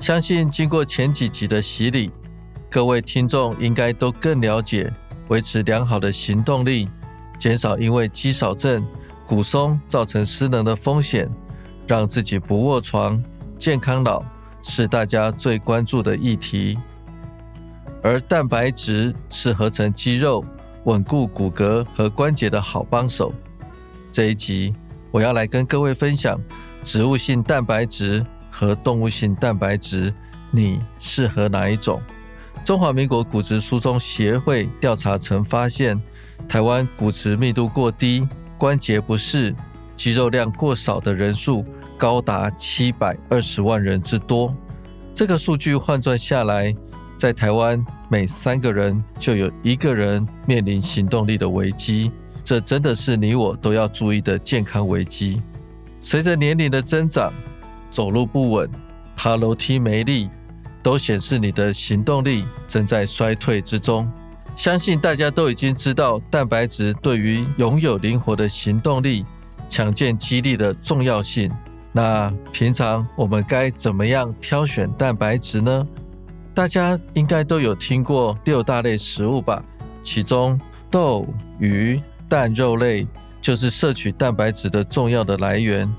相信經過前幾集的洗禮，各位聽眾應該都更了解維持良好的行動力，減少因為肌少症、骨鬆造成失能的風險，讓自己不臥床、健康老，是大家最關注的議題。而蛋白質是合成肌肉、穩固骨骼和關節的好幫手。這一集我要來跟各位分享植物性蛋白質。和動物性蛋白質，你適合哪一種？中華民國骨質疏鬆協會調查曾發現，台灣骨質密度過低、關節不適、肌肉量過少的人數高達七百二十萬人之多。這個數據換算下來，在台灣每三個人就有一個人面臨行動力的危機，這真的是你我都要注意的健康危機。隨着年齡的增長，走路不穩、爬樓梯沒力，都顯示你的行動力正在衰退之中。相信大家都已經知道蛋白質對於擁有靈活的行動力、強健肌力的重要性。那平常我們該怎麼樣挑選蛋白質呢？大家應該都有聽過六大類食物吧？其中豆、魚、蛋、肉類就是攝取蛋白質的重要的來源。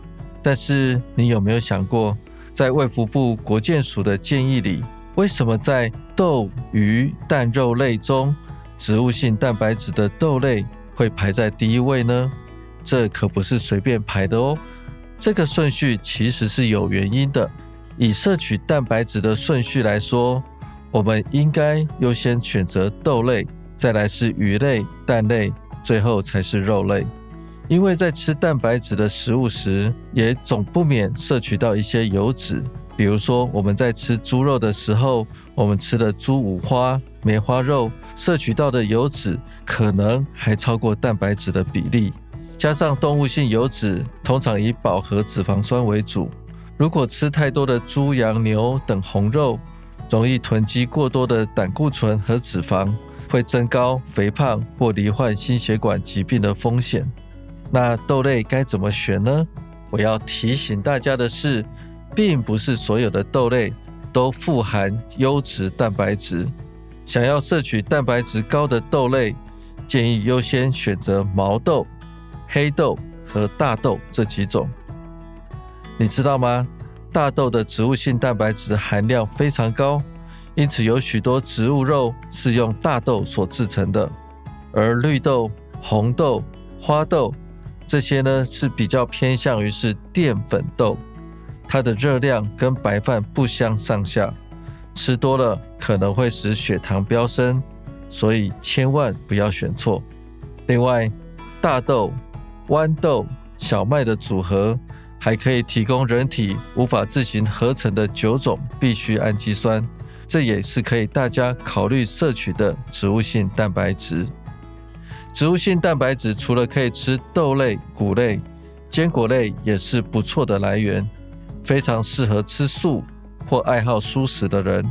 但是你有沒有想過，在衛福部國健署的建議裡，為什麼在豆、魚、蛋、肉類中，植物性蛋白質的豆類會排在第一位呢？這可不是隨便排的哦。這個順序其實是有原因的。以攝取蛋白質的順序來說，我們應該優先選擇豆類，再來是魚類、蛋類，最後才是肉類。因為在吃蛋白質的食物時，也總不免攝取到一些油脂。比如說，我們在吃豬肉的時候，我們吃的豬五花、梅花肉，攝取到的油脂可能還超過蛋白質的比例。加上動物性油脂通常以飽和脂肪酸為主，如果吃太多的豬、羊、牛等紅肉，容易囤積過多的膽固醇和脂肪，會增高肥胖或罹患心血管疾病的風險。那豆類該怎麼選呢？我要提醒大家的是，並不是所有的豆類都富含優質蛋白質。想要攝取蛋白質高的豆類，建議優先選擇毛豆、黑豆和大豆這幾種。你知道嗎？大豆的植物性蛋白質含量非常高，因此有許多植物肉是用大豆所製成的。而綠豆、紅豆、花豆，這些呢，是比較偏向於是澱粉豆，它的熱量跟白飯不相上下，吃多了可能會使血糖飆升，所以千萬不要選錯。另外，大豆、豌豆、小麥的組合還可以提供人體無法自行合成的九種必需氨基酸，這也是可以大家考慮攝取的植物性蛋白質。植物性蛋白質除了可以吃豆類、穀類、堅果類，也是不錯的來源，非常適合吃素或愛好素食的人，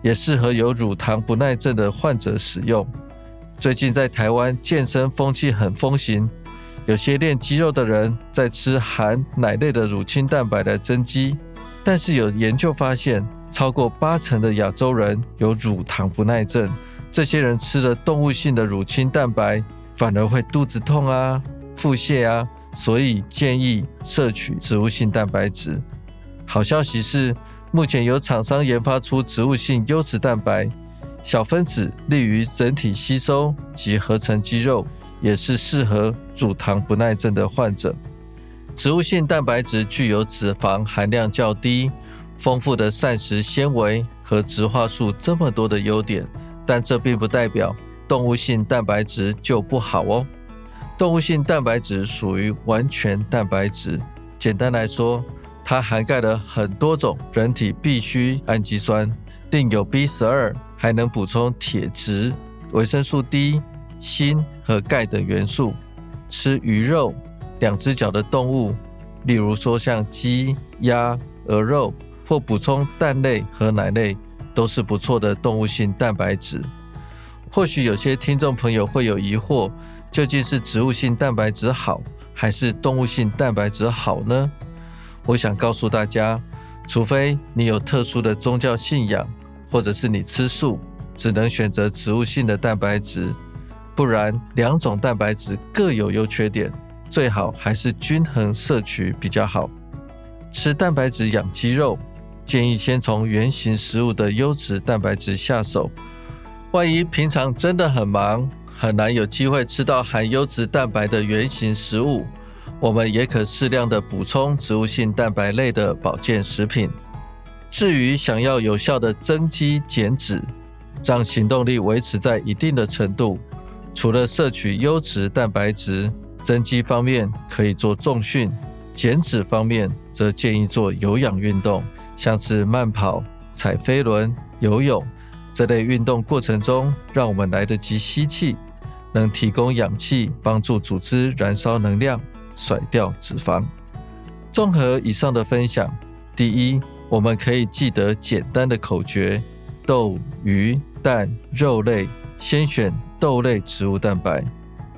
也適合有乳糖不耐症的患者使用。最近在台灣健身風氣很風行，有些練肌肉的人在吃含奶類的乳清蛋白來增肌，但是有研究發現，超過八成的亞洲人有乳糖不耐症。這些人吃了動物性的乳清蛋白，反而會肚子痛啊、腹瀉啊，所以建議攝取植物性蛋白質。好消息是，目前有廠商研發出植物性優質蛋白，小分子利於整體吸收及合成肌肉，也是適合乳糖不耐症的患者。植物性蛋白質具有脂肪含量較低、豐富的膳食纖維和植化素這麼多的優點。但這並不代表動物性蛋白質就不好哦。動物性蛋白質屬於完全蛋白質，簡單來說，它涵蓋了很多種人體必需氨基酸，另有 B 十二，還能補充鐵質、維生素 D、鋅和鈣等元素。吃魚肉、兩只腳的動物，例如說像雞、鴨、鵝、鵝肉，或補充蛋類和奶類。都是不錯的動物性蛋白質。或許有些聽眾朋友會有疑惑，究竟是植物性蛋白質好，還是動物性蛋白質好呢？我想告訴大家，除非你有特殊的宗教信仰，或者是你吃素，只能選擇植物性的蛋白質，不然兩種蛋白質各有優缺點，最好還是均衡攝取比較好。吃蛋白質養肌肉。建議先從原型食物的優質蛋白質下手。萬一平常真的很忙，很難有機會吃到含優質蛋白的原型食物，我們也可適量的補充植物性蛋白類的保健食品。至於想要有效的增肌減脂，讓行動力維持在一定的程度，除了攝取優質蛋白質，增肌方面可以做重訓，減脂方面則建議做有氧運動。像是慢跑、踩飛輪、游泳這類運動過程中，讓我們來得及吸氣，能提供氧氣，幫助組織燃燒能量，甩掉脂肪。綜合以上的分享，第一，我們可以記得簡單的口訣：豆、魚、蛋、肉類，先選豆類植物蛋白。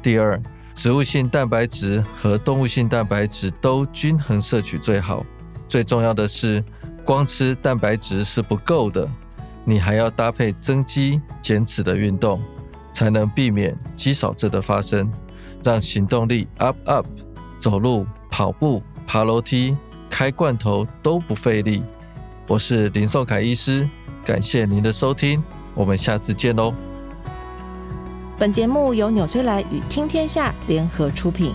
第二，植物性蛋白質和動物性蛋白質都均衡攝取最好，最重要的是。光吃蛋白質是不夠的，你還要搭配增肌減脂的運動，才能避免肌少症的發生，讓行動力 up up，走路、跑步、爬樓梯、開罐頭都不費力。我是林頌凱醫師，感謝您的收聽，我們下次見哦。本節目由紐崔萊與聽天下聯合出品。